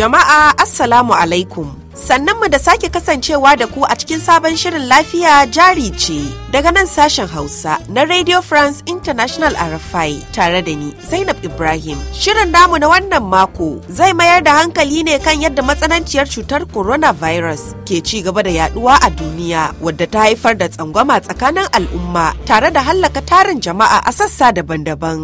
Jama'a Assalamu alaikum. Sannan mu da sake kasancewa da ku a cikin sabon shirin lafiya jari ce daga nan sashen Hausa na Radio France International RFI tare da ni Zainab Ibrahim. Shirin namu na wannan mako zai mayar da hankali ne kan yadda matsananciyar cutar coronavirus ke ci gaba da yaduwa a duniya wadda ta haifar da tsangwama tsakanin al'umma tare da hallaka tarin jama'a a sassa daban-daban.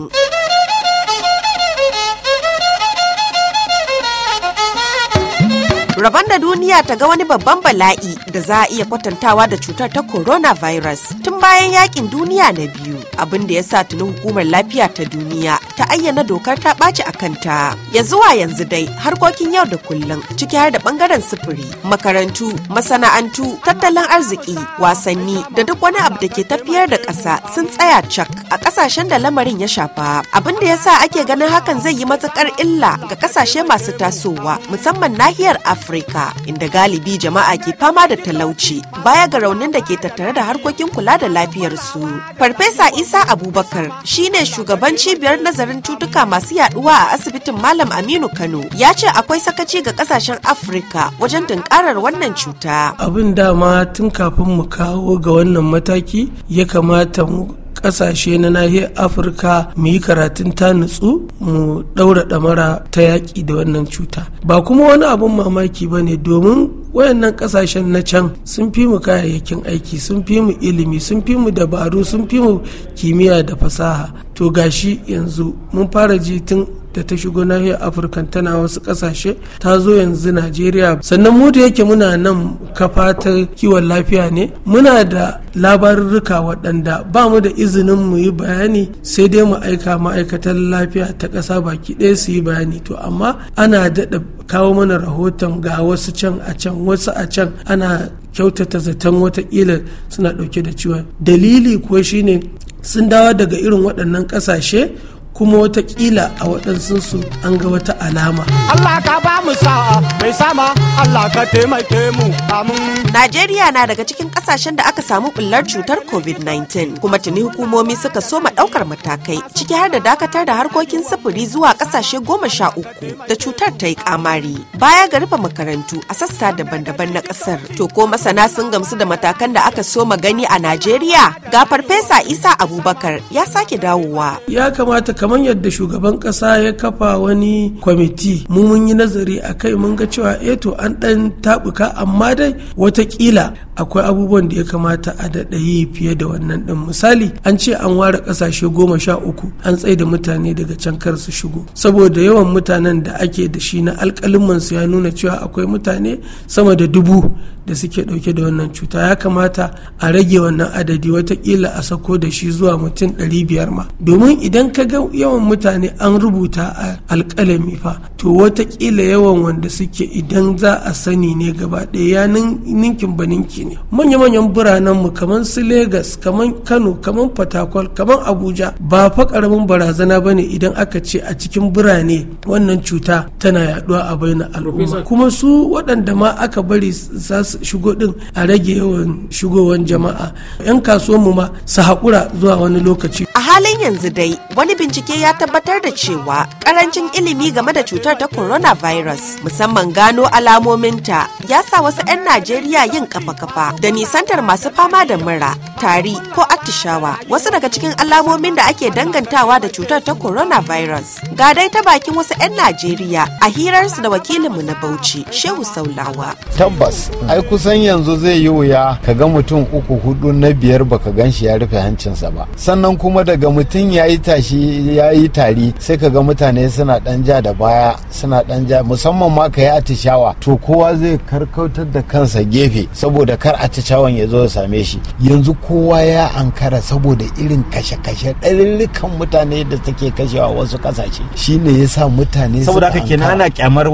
da duniya ta ga wani babban bala'i da za a iya kwatantawa da cutar ta coronavirus tun bayan yakin duniya na biyu abin da ya sa tuni hukumar lafiya ta duniya ta ayyana dokar ta ɓaci a kanta ya zuwa yanzu dai harkokin yau da kullum ciki har da bangaren sufuri makarantu masana'antu tattalin arziki wasanni da duk wani abu da ke tafiyar da ƙasa sun tsaya cak a ƙasashen da lamarin ya shafa abin da ya sa ake ganin hakan zai yi matuƙar illa ga ƙasashe masu tasowa musamman nahiyar afirka inda galibi jama'a ke fama da talauci baya ga raunin da ke tattare da harkokin kula da lafiyarsu. Farfesa Isa Abubakar shine shugaban cibiyar nazarin cutuka masu yaduwa a asibitin Malam Aminu Kano ya ce akwai sakaci ga kasashen Afirka wajen tunkarar wannan cuta. Abin dama tun kafin mu kawo ga wannan mataki ya kamata mu kasashe na nahiyar afirka mu yi karatun ta nutsu mu daura damara ta yaƙi da wannan cuta ba kuma wani abun mamaki ba ne domin wayannan kasashen na can sun fi mu kayayyakin aiki sun fi mu ilimi sun fi mu dabaru sun fi mu kimiyya da fasaha to gashi yanzu mun fara ji tun da ta shigo nahiyar afirka tana wasu kasashe ta zo yanzu najeriya sannan mu da yake muna nan kafa ta kiwon lafiya ne muna da labarurruka waɗanda ba mu da izinin mu yi bayani sai dai mu aika ma'aikatan lafiya ta ƙasa baki ɗaya su yi bayani to amma ana daɗa kawo mana rahoton ga wasu can a can wasu a can ana kyautata zaton watakila suna ɗauke da ciwon dalili kuwa shine sun dawo daga irin waɗannan ƙasashe kuma watakila a waɗansunsu an ga wata alama. Allah ka ba mu sa'a mai sama Allah ka taimake mu amin. Najeriya na daga cikin ƙasashen da aka samu ɓullar cutar COVID-19 kuma tuni hukumomi suka soma ɗaukar matakai ciki har da dakatar da harkokin sufuri zuwa ƙasashe goma sha uku da cutar ta yi kamari baya ga rufe makarantu a sassa daban-daban na ƙasar. To ko masana sun gamsu da matakan da aka soma gani a Najeriya? Ga Farfesa Isa Abubakar ya sake dawowa. Ya kamata kamar yadda shugaban kasa ya kafa wani kwamiti mu mun yi nazari a kai mun ga cewa eh to an dan tabuka amma dai watakila akwai abubuwan da ya kamata a daɗa yi fiye da wannan ɗin misali an ce an ware ƙasashe goma sha uku an tsai da mutane daga can kar su shigo saboda yawan mutanen da ake da shi na alƙalin su ya nuna cewa akwai mutane sama da dubu da suke ɗauke da wannan cuta ya kamata a rage wannan adadi watakila a sako da shi zuwa mutum ɗari biyar ma domin idan ka ga yawan mutane an rubuta a alƙalami fa to watakila yawan wanda suke idan za a sani ne gaba ɗaya ya ninkin ba ninki ne manya-manyan biranen mu kamar su Legas kamar Kano kamar patakwal kamar Abuja ba fa karamin barazana ne idan aka ce a cikin birane wannan cuta tana yaduwa a baina al'umma kuma su waɗanda ma aka bari za su shigo din a rage yawan shigowan jama'a 'yan mu ma su haƙura zuwa wani lokaci halin yanzu dai wani bincike ya tabbatar da cewa karancin ilimi game da cutar ta coronavirus musamman gano alamominta ya sa wasu 'yan Najeriya yin kafa-kafa da nisantar masu fama da mura, tari ko attishawa wasu daga cikin alamomin da ake dangantawa da cutar ta coronavirus. Ga dai ta bakin wasu 'yan Najeriya a hirarsu da wakilinmu na Bauchi, Shehu Saulawa. Tabbas, ai kusan yanzu zai yi wuya ka ga mutum uku hudu na biyar baka gan shi ya rufe hancinsa ba. Sannan kuma da ga mutum ya yi tashi ya yi tari sai ka ga mutane suna dan ja da baya suna dan ja musamman ma ka yi atishawa to kowa zai karkautar da kansa gefe saboda kar atishawan ya zo ya same shi yanzu kowa ya ankara saboda irin kashe-kashe ɗalilikan mutane da take kashewa wasu kasashe ne ya sa mutane saboda ka kenan kyamar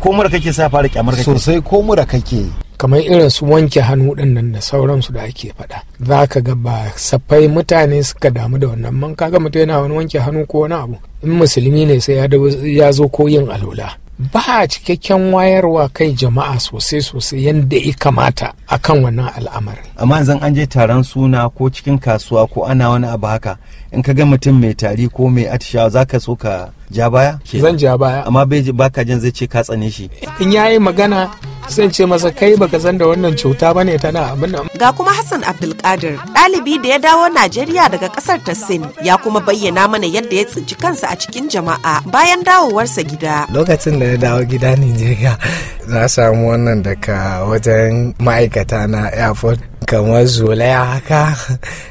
ko kake sa fara kyamar kake sosai ko mura kake kamar irin su wanke hannu ɗin nan da sauransu da ake faɗa za ka ga ba safai mutane suka damu da wannan man kaga mutum yana wani wanke hannu ko wani abu in musulmi ne sai ya zo ko yin alola ba a cikakken wayarwa kai jama'a sosai sosai yadda ya kamata akan wannan al'amarin amma zan an je taron suna ko cikin kasuwa ko ana wani abu haka in ka ga mutum mai tari ko mai atishawa za ka so ka ja baya zan ja baya amma baka jin zai ce ka tsane shi in yayi magana sai ce masa kai baka san da wannan cuta bane tana abin nan ga kuma Hassan Abdulkadir ɗalibi da ya dawo Najeriya daga ƙasar ta Sin ya kuma bayyana mana yadda ya tsinci kansa a cikin jama'a bayan dawowarsa gida lokacin da ya dawo gida Nijeriya za samu wannan daga wajen ma'aikata na airport kamar zolaya haka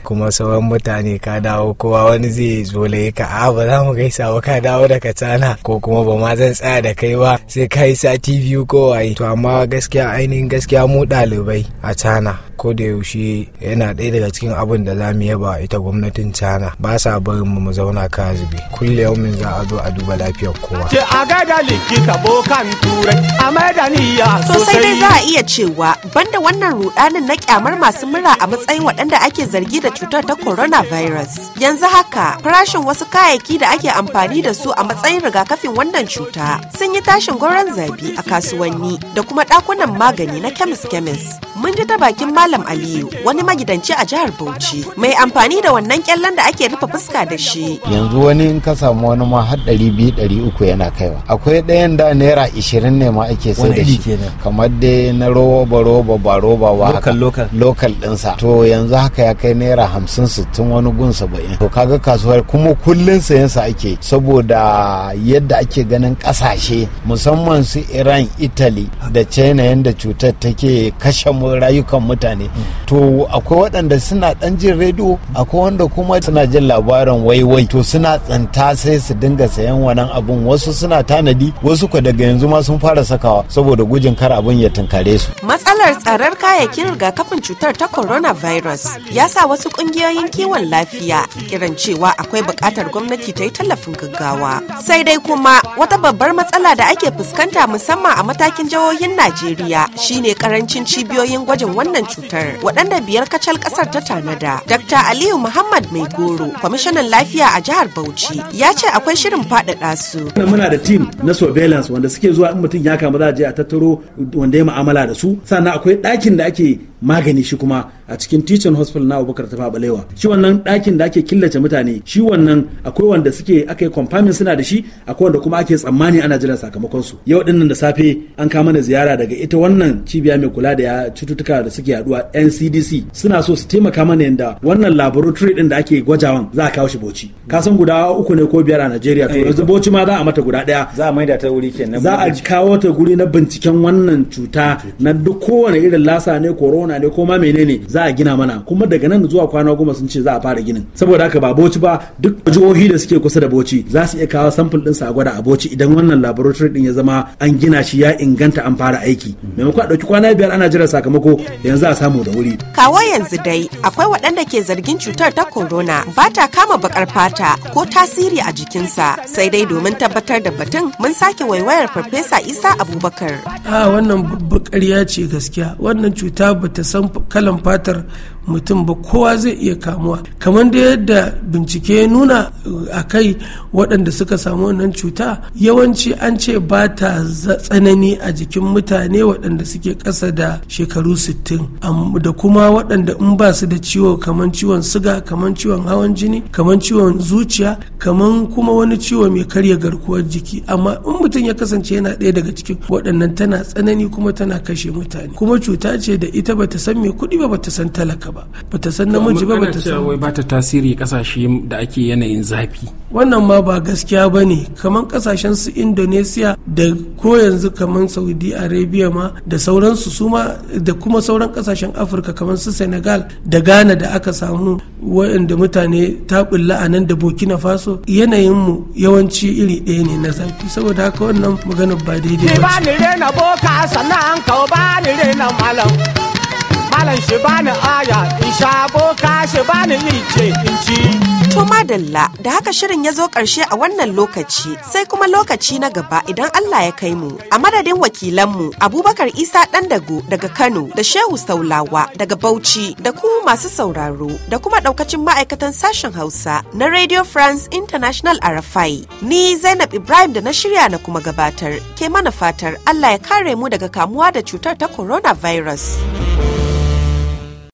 kuma sauran mutane ka dawo kowa wani zai zolaye ka a ba za mu gaisa ba ka dawo daga tsana ko kuma ba ma zan tsaya da kai ba sai ka yi sati biyu ko waye to amma gaskiya ainihin gaskiya mu dalibai. a tsana ko da yaushe yana ɗaya daga cikin abin da za mu yaba ita gwamnatin tsana ba sa barin mu zauna ka zube kulle min za a zo a duba lafiyar kowa. ke a gaida likita bokan turai a maida niyya sosai. sosai dai za a iya cewa banda wannan rudanin na kyamar masu mura a matsayin waɗanda ake zargi da cutar ta coronavirus. Yanzu haka, farashin wasu kayayyaki da ake amfani da su a matsayin rigakafin wannan cuta sun yi tashin gwaron zabi a kasuwanni da kuma ɗakunan magani na kemis-kemis. Mun ji ta bakin Malam Aliyu, wani magidanci a jihar Bauchi, mai amfani da wannan kyallen da ake rufe fuska da shi. Yanzu wani in ka samu wani ma har ɗari biyu ɗari uku yana kaiwa. Akwai ɗayan da naira ishirin ne ma ake sai da shi. Kamar dai na roba roba ba roba ba. Lokal lokal ɗinsa to yanzu haka ya kai naira hamsin sittin wani gun saba'in to kaga kasuwar kuma kullun sayansa ake saboda yadda ake ganin kasashe musamman su iran italy da china yadda cutar take kashe rayukan mutane to akwai waɗanda suna ɗan jin rediyo akwai wanda kuma suna jin labarin waiwai to suna tsanta sai su dinga sayan wannan abun wasu suna tanadi wasu ko daga yanzu ma sun fara sakawa saboda gujin kar abun ya tunkare su matsalar tsarar kayayyakin rigakafin cutar cutar ta coronavirus ya sa wasu kungiyoyin kiwon lafiya kiran cewa akwai bukatar gwamnati ta yi tallafin gaggawa. Sai dai kuma wata babbar matsala da ake fuskanta musamman a matakin jihohin Najeriya shine karancin cibiyoyin gwajin wannan cutar waɗanda biyar kacal ƙasar ta tanada. Dr. Aliyu Muhammad Mai Goro, kwamishinan lafiya a jihar Bauchi, ya ce akwai shirin faɗaɗa su. Muna da tim na surveillance wanda suke zuwa in mutum ya kama za a je a tattaro wanda ya mu'amala da su sannan akwai ɗakin da ake magani shi kuma a cikin teaching hospital na abubakar ta balewa shi wannan ɗakin da ake killace mutane shi wannan akwai wanda suke aka yi confirming suna da shi akwai wanda kuma ake tsammani ana jiran sakamakon su yau din nan da safe an kama da ziyara daga ita wannan cibiya mai kula da cututtuka da suke yaduwa NCDC suna so su taimaka mana yanda wannan laboratory din da ake gwajawan za a kawo shi Bauchi ka san guda uku ne ko biyar a Najeriya to eh. yanzu Bauchi ma za a mata guda daya za a maida ta wuri kenan za a kawo ta guri na binciken wannan cuta na duk kowane irin lasa ne corona ne ko ma menene za a gina mana kuma daga nan zuwa kwana goma sun ce za a fara ginin saboda haka ba boci ba duk jihohi da suke kusa da boci za su iya kawo samfil din sa gwada a boci idan wannan laboratory din ya zama an gina shi ya inganta an fara aiki maimakon a ɗauki kwana biyar ana jira sakamako yanzu a samu da wuri kawo yanzu dai akwai waɗanda ke zargin cutar ta corona ba ta kama bakar fata ko tasiri a jikinsa sai dai domin tabbatar da batun mun sake waiwayar farfesa isa abubakar a ah, wannan babbar ƙarya ce gaskiya wannan cuta ba ta san kalan fata театр, mutum ba kowa zai iya kamuwa kamar da yadda bincike ya nuna uh, a kai waɗanda suka samu wannan cuta yawanci an ce ba ta tsanani a jikin mutane waɗanda suke ƙasa da shekaru 60 da kuma waɗanda in ba su da ciwo kamar ciwon suga kamar ciwon hawan jini kamar ciwon zuciya kamar kuma wani ciwo mai karya garkuwar jiki amma in mutum ya kasance yana ɗaya daga cikin waɗannan tana tsanani kuma tana kashe mutane kuma cuta ce da ita ba ta san mai kuɗi ba ta san talaka ba bata san namiji ba ba ta san wai bata tasiri kasashe da ake yanayin zafi wannan ma ba gaskiya ba ne kaman kasashen su Indonesia da ko yanzu kaman Saudi Arabia ma da sauransu su ma da kuma sauran kasashen Afirka kamar su Senegal da Ghana da aka samu waɗanda mutane ta bulla a da Burkina Faso yanayin mu yawanci iri ɗaya ne na zafi saboda haka wannan maganar ba daidai ba. ne. ba ni rena boka sannan ka ba ni rena malam. malam shi bani aya in sha boka shi bani ice in ci. To madalla da haka shirin ya zo ƙarshe a wannan lokaci sai kuma lokaci na gaba idan Allah ya kai mu a madadin wakilanmu Abubakar Isa Dandago daga Kano da Shehu Saulawa daga Bauchi da ku masu sauraro da kuma ɗaukacin ma'aikatan sashen Hausa na Radio France International Arafai. Ni Zainab Ibrahim da na shirya na kuma gabatar ke mana fatar Allah ya kare mu daga kamuwa da cutar ta coronavirus.